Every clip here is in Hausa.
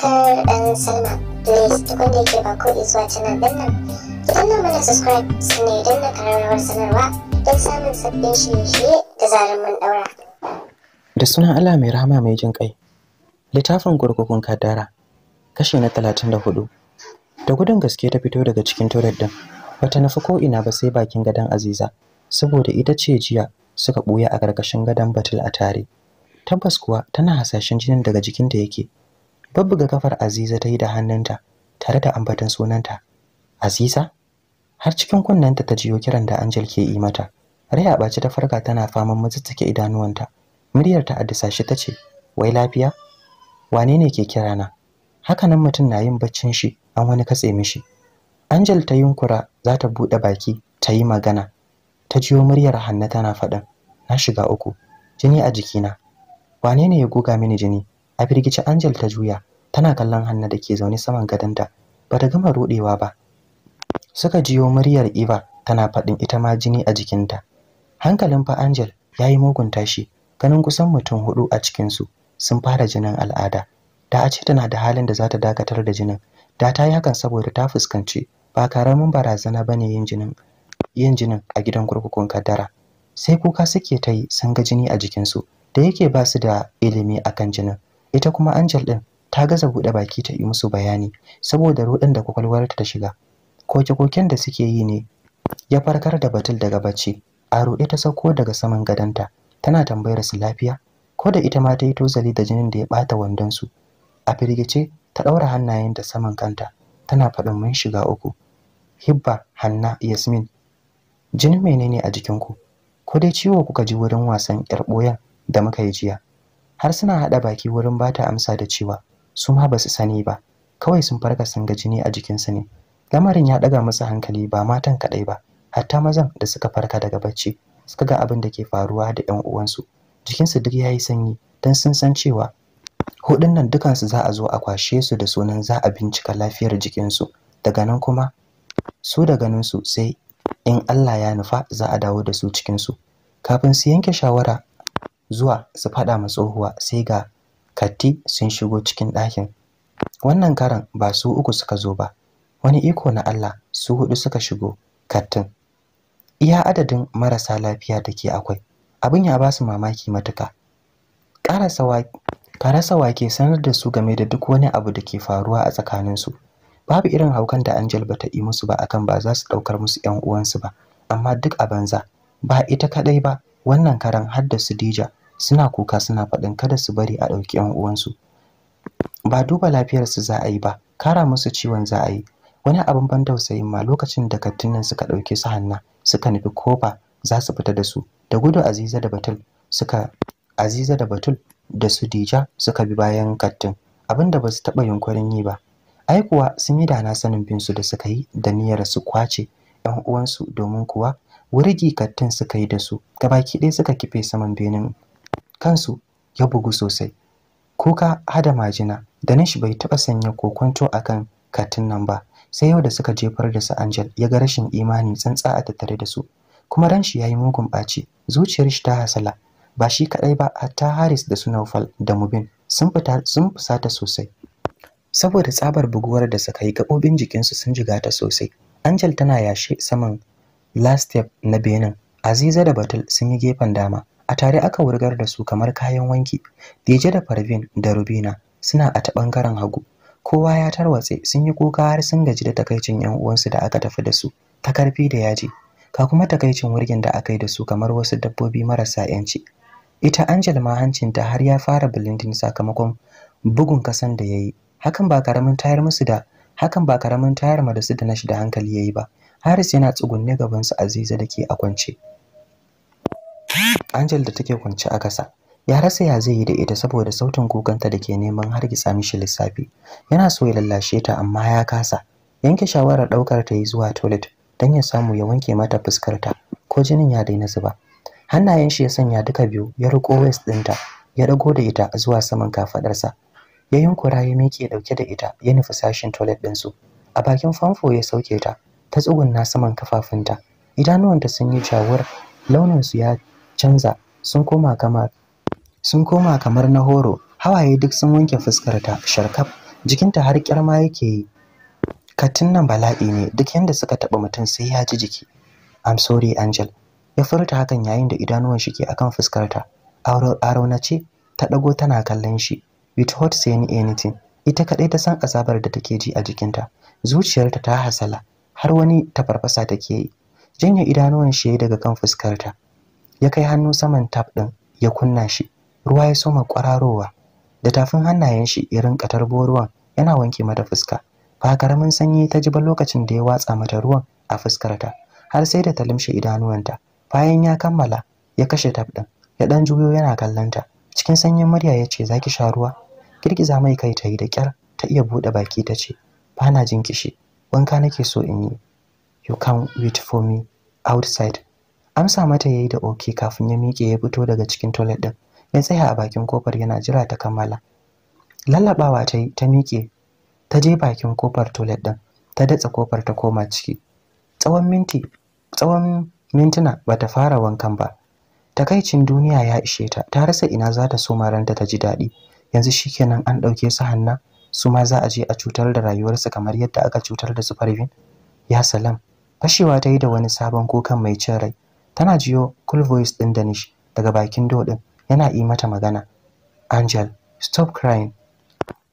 subscribe and sign up. Please da yake ba ko subscribe sanarwa don samun da sunan Allah mai rahama mai jin kai. Littafin kurkukun Kadara, kashi na talatin da hudu. Da gudun gaske ta fito daga cikin toilet din. Bata nufi ko ina ba sai bakin gadon Aziza saboda ita ce jiya suka buya a karkashin gadon Batul a tare. Tabbas kuwa tana hasashen jinin daga jikinta yake. babbuga kafar aziza ta yi da hannunta tare da ambaton sunanta aziza har cikin kunnanta ta jiyo kiran da angel ke yi mata raya ɓaci ta farka tana faman mutsutsuke idanuwanta muryar ta addisa shi ta ce wai lafiya wane ne ke kira na hakanan mutum na yin baccin shi an wani katse mishi angel ta yunkura za ta buɗe baki ta yi magana ta jiyo muryar hanna tana faɗin na shiga uku jini a jikina wane ne ya goga mini jini a firgice Angel ta juya tana kallon Hanna da ke zaune saman gadonta bata gama rodewa ba suka jiyo muryar Eva tana faɗin ita ma jini a jikinta hankalin fa Angel yayi mugun tashi ganin kusan mutum hudu a cikin su sun fara jinin al'ada da a ce tana da halin da za ta dakatar da jinin da ta yi hakan saboda ta fuskanci ba karamin barazana bane yin jinin yin jinin a gidan kurkukun kaddara sai kuka suke ta yi sun ga jini a jikinsu da yake ba su da ilimi akan jinin ita kuma Angel din ta gaza bude baki ta yi musu bayani saboda ruɗin da kwakwalwarta ta shiga koke-koken da suke yi ne ya farkar da batul daga bacci a ruɗe ta sauko daga saman gadonta tana tambayar su lafiya ko da ita ma ta yi tozali da jinin da ya ɓata su a firgice ta ɗaura hannayen da saman kanta tana faɗin mun shiga uku hibba hanna yasmin jinin menene a jikinku ko dai ciwo kuka ji wurin wasan yar da muka yi jiya har suna haɗa baki wurin bata amsa da cewa su ma ba su sani ba kawai sun farka sun ga jini a jikinsu ne lamarin ya ɗaga musu hankali ba matan kaɗai ba hatta mazan da suka farka daga bacci suka ga abin da ke faruwa da 'yan uwansu jikinsu duk yayi sanyi don sun san cewa hudun nan dukansu za a zo a kwashe su da sunan za a bincika lafiyar jikinsu daga nan kuma su da ganinsu sai in Allah ya nufa za a dawo da su cikinsu kafin su yanke shawara zuwa su faɗa ma tsohuwa sai ga katti sun shigo cikin ɗakin wannan karan ba su uku suka zo ba wani iko na Allah su hudu suka shigo kattin iya adadin marasa lafiya da ke akwai abin ya ba su mamaki matuka karasa wake sanar da su game da duk wani abu da ke faruwa a tsakaninsu babu irin haukan da angel ba ta yi musu ba akan ba za su ɗaukar musu 'yan uwansu ba amma duk a banza ba ita kaɗai ba wannan karan har da su dija suna kuka suna faɗin kada su bari a ɗauki 'yan uwansu ba duba lafiyarsu za a yi ba kara musu ciwon za a yi wani abin ban tausayin ma lokacin da kattunan suka ɗauke su hanna suka nufi kofa za su fita da su da gudu aziza da batul suka aziza da batul da su dija suka bi bayan kattun abinda ba su taɓa yunkurin yi ba ai kuwa sun yi dana sanin bin su da suka yi da niyyar su kwace 'yan uwansu domin kuwa wurgi kattun suka yi da su gabaki ɗaya suka kife saman benin kansu ya bugu sosai kuka hada majina Da nashi bai taba sanya kokonto akan katin nan ba sai yau da suka jefar da su angel ya ga rashin imani tsantsa a tattare da su kuma ran shi yayi mugun ɓaci zuciyar shi ta hasala ba shi kadai ba hatta haris da Sunaufal da mubin sun fita sun fusata sosai saboda tsabar buguwar da suka yi jikin jikinsu sun jigata sosai angel tana yashe saman last step na benin aziza da batul sun yi gefen dama a tare aka wurgar da su kamar kayan wanki deje da farvin da Rubina suna a ta bangaren hagu kowa ya tarwatse sun yi kuka har sun gaji da takaicin yan uwansu da aka tafi da su ta karfi da yaji ka kuma takaicin wurgin da aka yi da su kamar wasu dabbobi marasa yanci ita Angel ma hancinta har ya fara bulindin sakamakon bugun kasan da yayi hakan ba karamin tayar musu da hakan ba karamin tayar ma da su da nashi da hankali yayi ba Haris yana tsugunne gaban su Aziza ke a kwance Angel da take kwance a kasa ya rasa ya zai yi da ita saboda sautin kukanta da ke neman hargitsa mishi lissafi yana so ya lallashe ta amma ya kasa yanke shawarar ɗaukar ta yi zuwa toilet don ya samu ya wanke mata fuskarta ko jinin ya daina zuba hannayen shi ya sanya duka biyu ya riko waist ɗinta ya dago da ita zuwa saman kafaɗarsa ya yunkura ya miƙe ɗauke da ita ya nufi sashin toilet ɗinsu a bakin famfo ya sauke ta ta tsugunna saman kafafunta idanuwanta sun yi jawar launinsu ya canza sun koma kamar sun koma kamar na horo hawaye duk sun wanke fuskarta sharkaf jikinta har kyarma yake yi katin nan bala'i ne duk yanda suka taba mutum sai ya ji jiki i'm sorry angel ya furta hakan yayin da idanuwan shi ke akan fuskarta aro ce ta dago tana kallon shi with hot saying anything ita kadai ta san azabar da take ji a jikinta zuciyarta ta hasala har wani tafarfasa take yi janye idanuwan shi daga kan fuskarta ya kai hannu saman tap ɗin ya kunna shi ruwa ya soma kwararowa da tafin hannayen shi irin katar ruwan yana wanke mata fuska ba karamin sanyi ta ji ba lokacin da ya watsa mata ruwan a fuskar ta. har sai da ta limshe idanuwanta bayan ya kammala ya kashe tap ɗin ya ɗan juyo yana kallon ta cikin sanyin murya ya ce zaki sha ruwa girgiza mai kai ta yi da kyar ta iya buɗe baki ta ce bana na jin kishi wanka nake so in yi you can wait for me outside amsa mata yayi da oke kafin ya miƙe ya fito daga cikin toilet din ya tsaya a bakin kofar yana jira ta kammala lallabawa ta yi ta miƙe ta je bakin kofar toilet din ta datsa kofar ta koma ciki tsawon minti tsawon mintuna bata fara wankan ba takaicin duniya ya ishe ta ta rasa ina za ta so maranta ta ji daɗi yanzu shikenan an ɗauke su hanna su ma za a je a cutar da rayuwarsa kamar yadda aka cutar da su farvin ya salam fashewa ta yi da wani sabon kukan mai cin rai tana jiyo cool voice din Danish daga bakin dodin yana yi mata magana Angel stop crying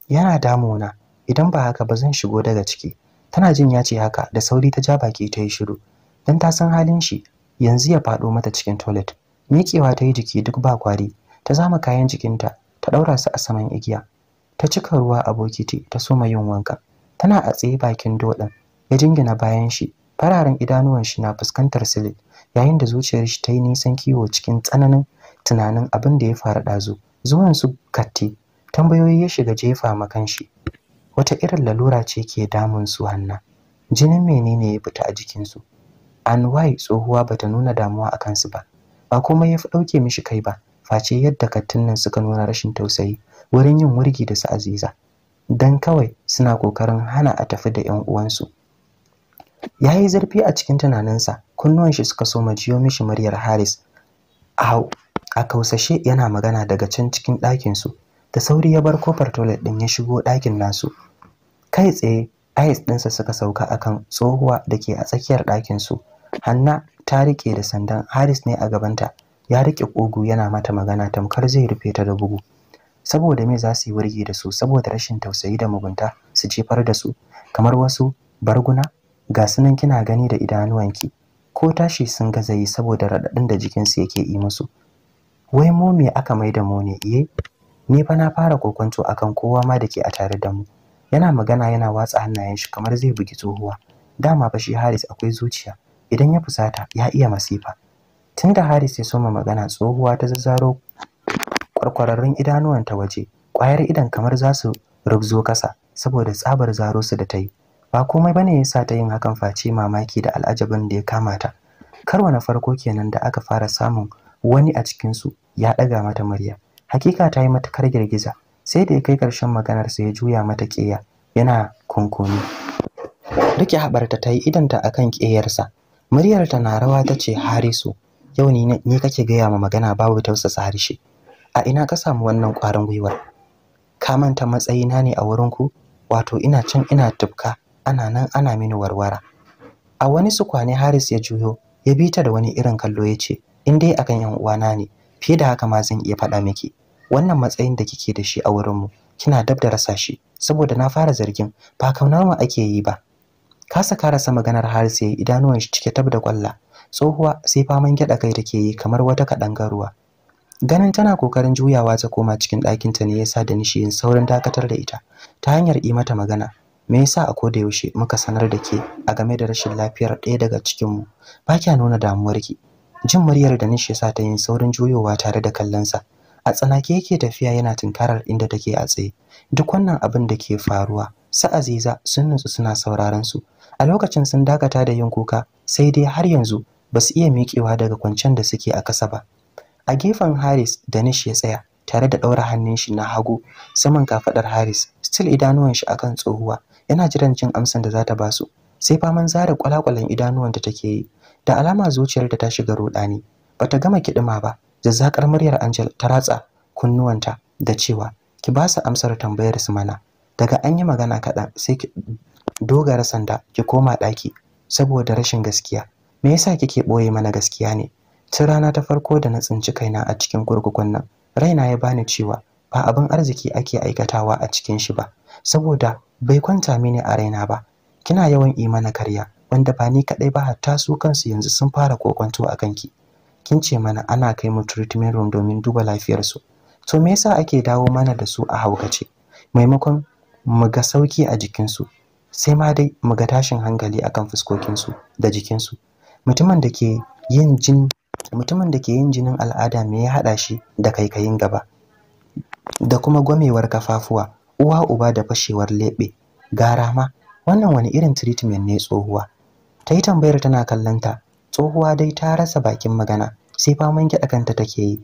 yana damuna idan ba haka ba zan shigo daga ciki tana jin ya ce haka da sauri ta ja baki ta yi shiru dan ta san halin shi yanzu ya faɗo mata cikin toilet miƙewa ta yi jiki duk ba kwari ta zama kayan jikinta ta ɗaura su a saman igiya ta cika ruwa a bokiti ta soma yin wanka tana a tsaye bakin doɗin ya jingina bayan shi fararen idanuwan shi na fuskantar silin yayin da zuciyar shi ta yi nisan kiwo cikin tsananin tunanin abin da ya faru ɗazu zuwan su katti tambayoyi ya shiga jefa makan shi wata irin lalura ce ke damun su hanna jinin menene ya fita a jikinsu An wai tsohuwa bata nuna damuwa a kansu ba ba kuma ya fi ɗauke mishi kai ba face yadda kattin nan suka nuna rashin tausayi wurin yin wurgi da su aziza dan kawai suna kokarin hana a tafi da 'yan uwansu ya yi zurfi a cikin tunaninsa kunnuwan shi suka so jiyo mishi muryar Haris a kausashe yana magana daga can cikin ɗakin su da sauri ya bar kofar toilet din ya shigo ɗakin nasu kai tsaye ayis ɗinsa suka sauka akan tsohuwa da ke a tsakiyar ɗakin su hanna ta rike da sandan Haris ne a gabanta ya rike ƙugu yana mata magana tamkar zai rufe ta da bugu saboda me za su yi wurgi da su saboda rashin tausayi da mugunta su jefar da su kamar wasu barguna ga sunan kina gani da idanuwanki ko tashi sun gaza yi saboda raɗaɗin da jikinsu yake yi musu wai mu me aka mai da mu ne iye eh, ni fa na fara kokonto akan kowa ma da ke a tare da mu yana magana yana watsa hannayen shi kamar zai bugi tsohuwa dama fa shi Haris akwai zuciya idan ya fusata ya iya masifa tunda Haris ya soma magana tsohuwa ta zazzaro kwarkwararrun idanuwanta waje ƙwayar idan kamar za su rubzo kasa saboda tsabar zaro su da ta yi ba komai bane ya sa ta yin hakan face mamaki da al'ajabin da ya kama ta karwa na farko kenan da aka fara samun wani a cikin su ya daga mata murya hakika ta yi matukar girgiza sai da ya kai karshen maganar sa ya juya mata ƙeya yana kunkumi rike haɓarta ta yi akan a kan ƙeyarsa muryarta na rawa ta ce harisu yau ni kake gaya ma magana babu tausasa harshe a ina ka samu wannan ƙwarin gwiwar ka manta matsayina ne a wurin wurinku wato ina can ina tufka ana nan ana mini warwara a wani su kwane haris ya juyo ya bi ta da wani irin kallo ya ce in dai akan yan uwana ne fiye da haka ma zan iya faɗa miki wannan matsayin da kike da shi a wurinmu kina dab da rasa shi saboda na fara zargin ba kauna mu ake yi ba kasa karasa maganar haris ya yi idanuwan shi cike tab da kwalla tsohuwa sai faman gyaɗa kai take yi kamar wata kaɗan garuwa. ganin tana kokarin juyawa ta koma cikin ɗakinta ne yasa da nishi yin saurin dakatar da ita ta hanyar yi mata magana me yasa a koda yaushe muka sanar da ke a game da rashin lafiyar ɗaya daga cikin mu ba kya nuna damuwarki jin muryar da nishi sa ta yin saurin juyowa tare da kallonsa a tsanake yake tafiya yana tunkarar inda take a tsaye duk wannan abin da ke faruwa sa aziza sun nutsu suna sauraron su a lokacin sun dakata da yin kuka sai dai har yanzu ba su iya miƙewa daga kwancen da suke a kasa ba a gefen haris da nish ya tsaya tare da ɗaura hannun shi na hagu saman kafaɗar haris still idanuwan shi akan tsohuwa Yana jiran jin amsan da za ta basu. Sai faman zara kwalakwalan idanuwanta take yi. Da alama zuciyar da ta shiga rudani. Bata gama kidima ba. Zazzakar muryar Angel ta ratsa kunnuwanta da cewa ki ba su amsar tambayar su mana. Daga an yi magana kaɗan sai ki dogara sanda ki koma ɗaki saboda rashin gaskiya. Me yasa kike ɓoye mana gaskiya ne? Tun rana ta farko da na tsinci kaina a cikin kurkukun nan, raina ya bani cewa ba abin arziki ake aikatawa a cikin shi ba. saboda bai kwanta mini a raina ba kina yawan yi mana karya wanda ba ni kadai ba hatta su kansu yanzu sun fara kokonto a kanki kin ce mana ana kai mu treatment room domin duba lafiyarsu to me yasa ake dawo mana da su a haukace maimakon mu ga sauki a jikinsu sai ma dai mu ga tashin hankali akan fuskokinsu da jikinsu mutumin da ke yin jin mutumin da ke yin jinin al'ada me ya hada shi da kaikayin gaba da kuma gwamewar kafafuwa uwa uba da fashewar leɓe gara ma wannan wani irin treatment ne tsohuwa ta yi tambayar tana kallonta tsohuwa dai ta rasa bakin magana sai faman gyaɗa kanta take yi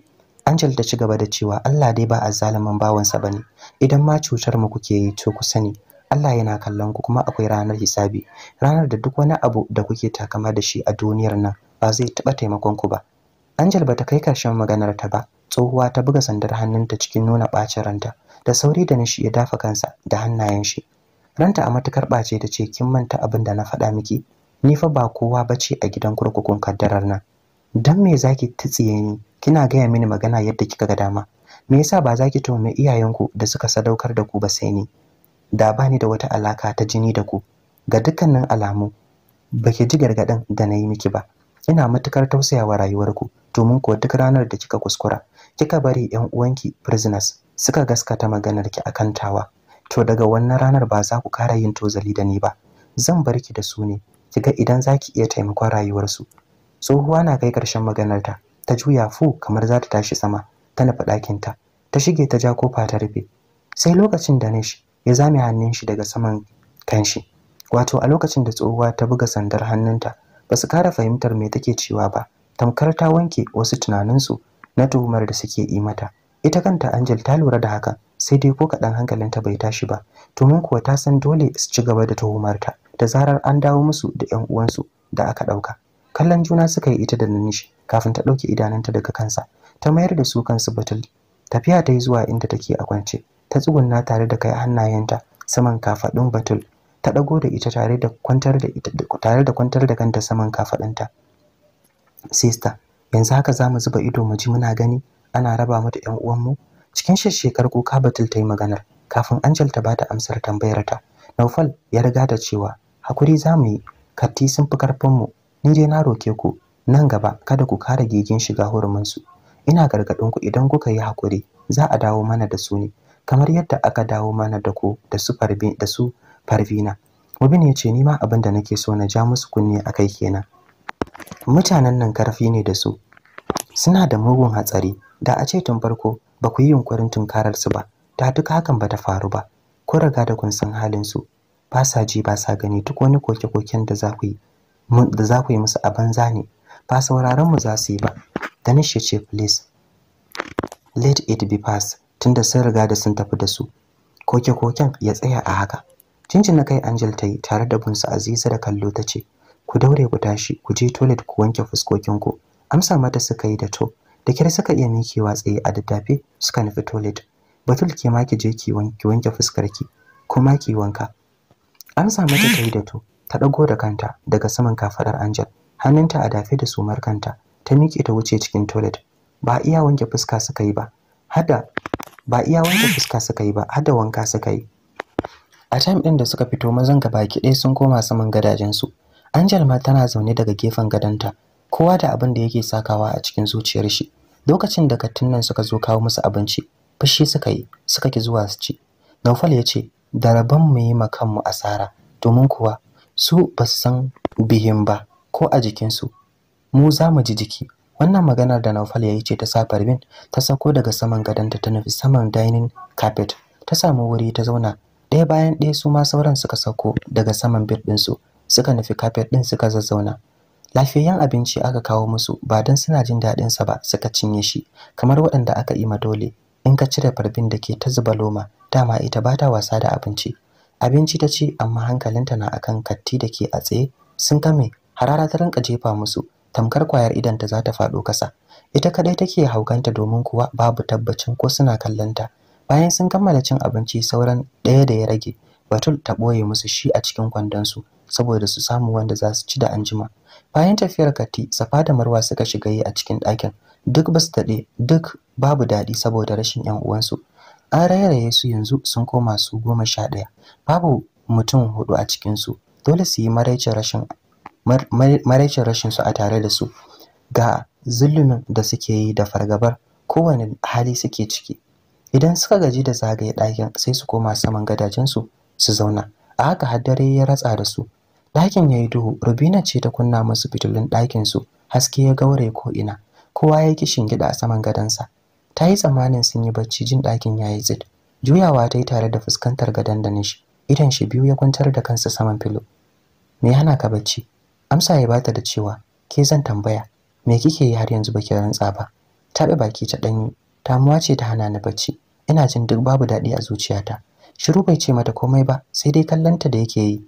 Angel ta ci gaba da cewa Allah dai ba azzalumin sa bane idan ma cutar mu kuke yi to ku sani Allah yana kallon ku kuma akwai ranar hisabi ranar da duk wani abu da kuke takama da shi a duniyar nan ba zai taɓa taimakon ku ba Angel bata kai karshen maganar ta ba tsohuwa ta buga sandar hannunta cikin nuna ɓacin ranta da sauri da nishi ya dafa kansa da hannayen shi ranta a matukar ɓace ta ce kin manta abin da na faɗa miki ni fa ba kowa bace a gidan kurkukun kaddarar nan dan me zaki tsiye ni kina gaya mini magana yadda kika ga dama me yasa ba zaki tuhume iyayenku da suka sadaukar da ku ba sai ni da ba ni da wata alaka ta jini da ku ga dukkanin alamu baki ji gargadin da na yi miki ba ina matukar tausayawa rayuwarku domin ko duk ranar da kika kuskura kika bari ƴan uwanki prisoners suka gaskata maganar ki akan tawa to daga wannan ranar ba za ku kara yin tozali da ni ba zan bar ki da su ne kiga idan za ki iya taimakon rayuwarsu tsohuwa na kai ƙarshen maganarta ta juya fu kamar za ta tashi sama ta nufi ɗakinta ta shige ta ja kofa ta rufe sai lokacin da nish ya zame hannun shi daga saman kanshi wato a lokacin da tsohuwa ta buga sandar hannunta ba su kara fahimtar me take cewa ba tamkar ta wanke wasu tunaninsu na tuhumar da suke yi mata ita kanta Angel ta lura da haka sai dai ko kaɗan hankalinta bai tashi ba mun kuwa ta san dole su ci gaba da tuhumar ta da zarar an dawo musu da 'yan uwansu da aka ɗauka kallon juna suka yi ita da nishi kafin ta ɗauke idananta daga kansa ta mayar da su kansu batul tafiya ta yi zuwa inda take a kwance ta tsugunna tare da kai hannayenta saman kafadun batul ta ɗago da ita tare da kwantar da ita tare da kwantar da kanta saman kafaɗinta sister yanzu haka za mu zuba ido mu ji muna gani ana raba mata da ƴan uwanmu cikin shekar kuka batul ta yi maganar kafin Angel ta bata amsar tambayar ta Naufal ya riga da cewa hakuri za mu yi katti sun fi karfinmu ni dai na roke ku nan gaba kada ku kare gigin shiga su ina gargaɗin ku idan kuka yi hakuri za a dawo mana da su ne kamar yadda aka dawo mana da ku da su farbi da su farvina mubin ya ce ni ma abin da nake so na ja musu kunne akai kenan mutanen nan karfi ne da su suna da mugun hatsari da a ce tun farko ba ku yi yunkurin tunkarar su ba da duk hakan ba ta faru ba ku riga da kun san halin su ba sa ji ba sa gani duk wani koke-koken da za ku yi da za ku yi musu a banza ne ba sauraron mu za su yi ba danish ya ce please let it be pass tunda sun riga da sun tafi da su koke-koken ya tsaya a haka na kai angel ta yi tare da bunsa aziza da kallo ta ce ku daure ku tashi ku je toilet ku wanke fuskokinku amsa mata suka yi da to da kyar suka iya mikewa tsaye a daddafe suka nufi toilet batul ke ma ki je ki wanke fuskar ki kuma ki wanka amsa mata ta yi da to ta dago da kanta daga saman kafadar Angel hannunta a dafe da sumar kanta ta miƙe ta wuce cikin toilet ba iya wanke fuska suka yi ba hada ba iya wanke fuska suka yi ba hada wanka suka yi a time din da suka fito mazan gaba ki ɗaya sun koma saman gadajen su Angel ma tana zaune daga gefen gadonta kowa da abin da yake sakawa a cikin zuciyar shi lokacin da kattun suka zo kawo musu abinci fushi suka yi suka ki zuwa su ci Naufal ya ce da rabon mu yi ma kanmu asara domin kuwa su ba su san bihin ba ko a jikinsu mu za mu ji jiki wannan maganar da Naufal ya yi ce ta sa bin ta sako daga saman gadonta ta nufi saman dining carpet ta samu wuri ta zauna ɗaya bayan ɗaya su ma sauran suka sako daga saman bed su suka nufi carpet ɗin suka zazzauna lafiyayyen abinci aka kawo musu ba don suna jin daɗin sa ba suka cinye shi kamar waɗanda aka yi ma dole in ka cire farbin da ke ta zuba loma dama ita ba ta wasa da abinci abinci ta ce amma hankalinta na akan katti da ke a tsaye sun kame harara ta rinka jefa musu tamkar kwayar idanta za ta faɗo kasa ita kadai take haukanta domin kuwa babu tabbacin ko suna kallonta bayan sun kammala cin abinci sauran ɗaya da ya rage batul ta ɓoye musu shi a cikin kwandonsu saboda su samu wanda za su ci da anjima bayan tafiyar kati safa da marwa suka shiga yi a cikin ɗakin duk basu daɗe duk babu daɗi saboda rashin yan uwansu an rairaye su yanzu sun koma su goma sha ɗaya babu mutum hudu a cikinsu dole su yi maraicin rashin su a tare da su ga zulumin da suke yi da fargabar kowane hali suke ciki idan suka gaji da zagaye ɗakin sai su koma saman gadajensu su zauna a haka har dare ya ratsa da su ɗakin ya yi duhu rubina ce ta kunna musu fitilun ɗakinsu haske ya gaure ko ina kowa ya kishin gida a saman gadonsa ta yi tsammanin sun yi bacci jin ɗakin ya yi tsit juyawa ta yi tare da fuskantar gadon da nishi idan shi biyu ya kwantar da kansa saman filo me hana ka bacci amsa ya bata da cewa ke zan tambaya me kike yi har yanzu baki rantsa ba taɓa baki ta ɗanyi tamuwa ce ta hana ni bacci ina jin duk babu daɗi a zuciyata shiru bai ce mata komai ba sai dai kallonta da yake yi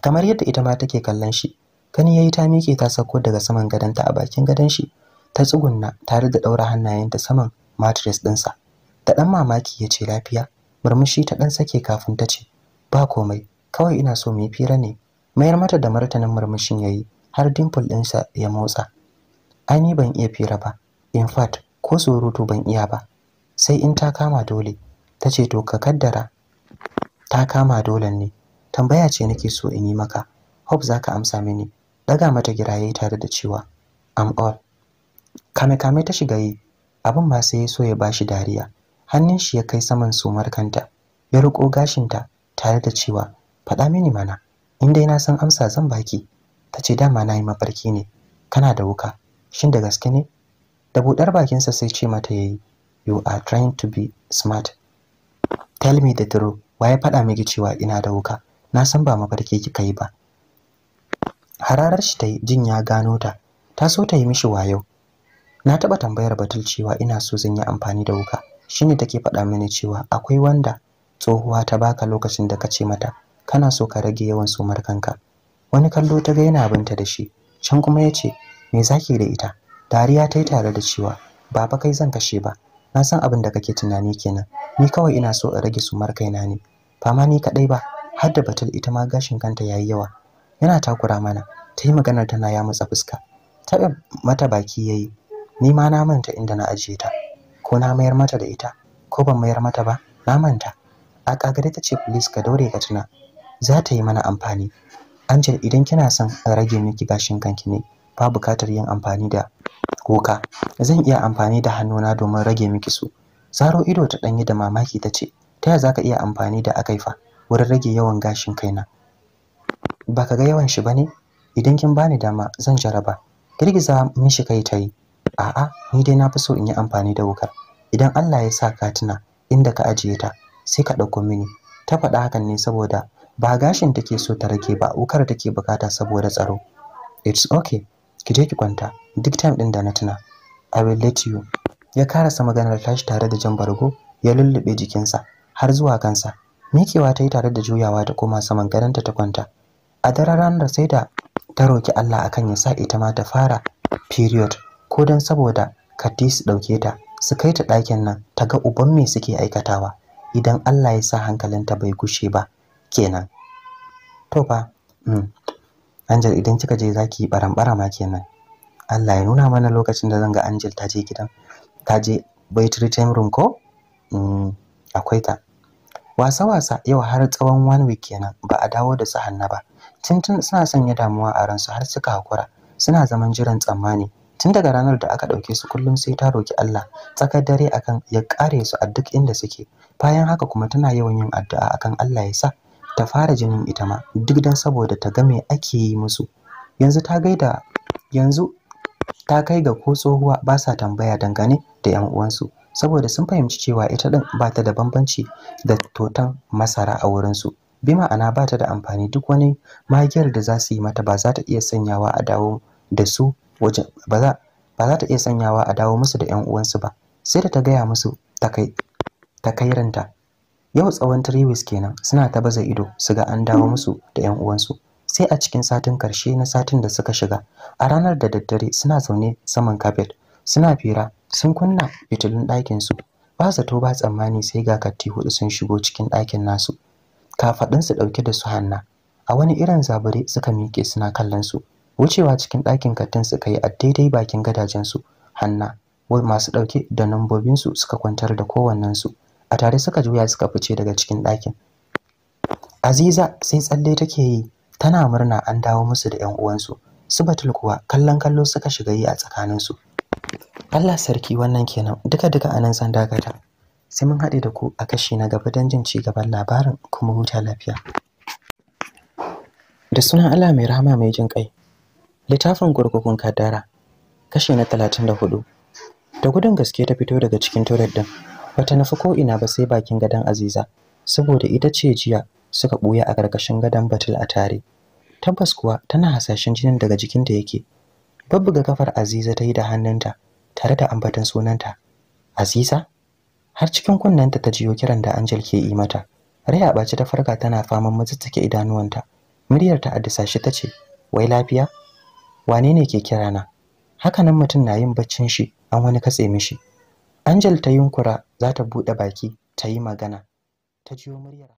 kamar yadda ita ma take kallon shi gani yayi ta miƙe ta sako daga saman gadonta a bakin gadon shi ta tsugunna tare da ɗaura hannayenta saman mattress ɗinsa da ɗan mamaki ya ce lafiya murmushi ta ɗan sake kafin ta ce ba komai kawai ina so mu yi fira ne mayar mata da martanin murmushin yayi har dimple ɗinsa ya motsa ai ni ban iya fira ba in fact ko surutu ban iya ba sai in ta kama dole ta ce to ka kaddara ta kama dole ne tambaya ce nake so in yi maka hope zaka amsa mini daga mata yi tare da cewa am all kame kame ta shiga yi abin ba sai so ya bashi dariya hannun shi ya kai saman sumar kanta ya riko gashinta tare da cewa faɗa mini mana in dai na san amsa zan baki ta ce dama na yi mafarki ne kana da wuka shin da gaske ne da buɗar bakinsa sai ce mata yayi you are trying to be smart tell me the truth wa ya faɗa miki cewa ina da wuka na san ba mafarki kika yi ba hararar shi ta yi jin ya gano ta ta so ta yi mishi wayo na taɓa tambayar batul cewa ina so zan yi amfani da wuka shine take faɗa mini cewa akwai wanda tsohuwa ta baka lokacin da kace mata kana so ka rage yawan sumar kanka wani kallo ta ga yana abinta da shi can kuma ya ce me zaki da ita dariya ta yi tare da cewa ba fa kai zan kashe ba na san abin da kake tunani kenan ni kawai ina so in rage sumar kaina ne ba ma ni kadai ba har da batul ita ma gashin kanta yayi yawa yana takura mana ta yi maganar tana ya matsa fuska taɓa mata baki yayi ni ma na manta inda na ajiye ta ko na mayar mata da ita ko ban mayar mata ba na manta a kagare ta ce please ka daure ka tuna za ta yi mana amfani Angel idan kina son rage miki gashin kanki ne ba bukatar yin amfani da kuka. zan iya amfani da hannuna domin rage miki su zaro ido ta danyi da mamaki ta ce ta ya zaka iya amfani da akaifa wurin rage yawan gashin kaina ba ka ga yawan shi bane idan kin bani dama zan jaraba girgiza mishi kai ta yi a'a ni dai na fi so in yi amfani da wukar idan Allah ya sa ka tuna inda ka ajiye ta sai ka ɗauko mini ta faɗa hakan ne saboda ba gashin take so ta rage ba wukar take bukata saboda tsaro it's okay ki je ki kwanta duk time din da na tuna i will let you ya karasa maganar tashi tare da jan bargo ya lullube jikinsa har zuwa kansa Mikewa ta yi tare da juyawa da koma saman gadanta ta kwanta. A daren ranar sai da ta roki Allah akan ya sa ita ma ta fara period ko dan saboda Kati su dauke ta su kai ta ɗakin nan ta ga uban me suke aikatawa idan Allah ya sa hankalinta bai gushe ba kenan. To fa, mm. Angel idan kika je zaki barambara ma kenan. Allah ya nuna mana lokacin da zan ga Angel ta je gidan ta je baitri room ko? Mm. Akwai ta. wasa-wasa yau har tsawon one week kenan ba a dawo da su hanna ba tuntun suna sanya damuwa a ransu har suka hakura suna zaman jiran tsammani tun daga ranar da aka ɗauke su kullum sai ta roki Allah tsakar dare akan ya kare su a duk inda suke bayan haka kuma tana yawan yin addu'a akan Allah ya sa ta fara jinin ita ma duk dan saboda ta ga me ake yi musu yanzu ta gaida yanzu ta kai ga ko tsohuwa ba sa tambaya dangane da 'yan uwansu saboda sun fahimci cewa ita din ba ta da bambanci da totan masara a wurinsu bi ma'ana ba ta da amfani duk wani magiyar da za su yi mata ba za ta iya sanyawa a dawo da su wajen ba za ba za ta iya sanyawa a dawo musu da 'yan uwansu ba sai da ta gaya musu ta kai takairanta yau tsawon triwis kenan suna ta baza ido su ga an dawo musu da 'yan uwansu sai a cikin satin karshe na satin da suka shiga a ranar da daddare suna zaune saman kafet suna fira sun kunna fitilun ɗakin su ba zato ba tsammani sai ga katti hudu sun shigo cikin ɗakin nasu su ɗauke da su hanna a wani irin zabare suka miƙe suna kallon su wucewa cikin ɗakin kattin suka yi a daidai bakin gadajen su hanna wai masu ɗauke da nambobin su suka kwantar da kowannen su a tare suka juya suka fice daga cikin ɗakin aziza sai tsalle take yi tana murna an dawo musu da 'yan uwansu su batul kuwa kallon kallo suka shiga yi a tsakaninsu Allah sarki wannan kenan duka duka anan zan dagata, sai mun haɗe da ku a kashi na gaba don jin ci gaban labarin kuma huta lafiya da sunan Allah mai rahama mai jin kai littafin gurgurkun kaddara kashi na 34 da gudun gaske ta fito daga cikin turar din bata nufi ko ina ba sai bakin gadon Aziza saboda ita ce jiya suka buya a karkashin gadon Batul a tare tabbas kuwa tana hasashen jinin daga jikinta yake babbuga kafar aziza ta yi da hannunta tare da ambatan sunanta aziza har cikin kunnenta ta jiyo kiran da angel ke yi mata raya ɓaci ta farka tana faman matsattake idanuwanta muryar ta addisa shi ta ce wai lafiya wane ne ke kira na hakanan mutum na yin baccin shi an wani katse mishi angel ta yunkura za ta buɗe baki ta yi magana ta jiyo muryar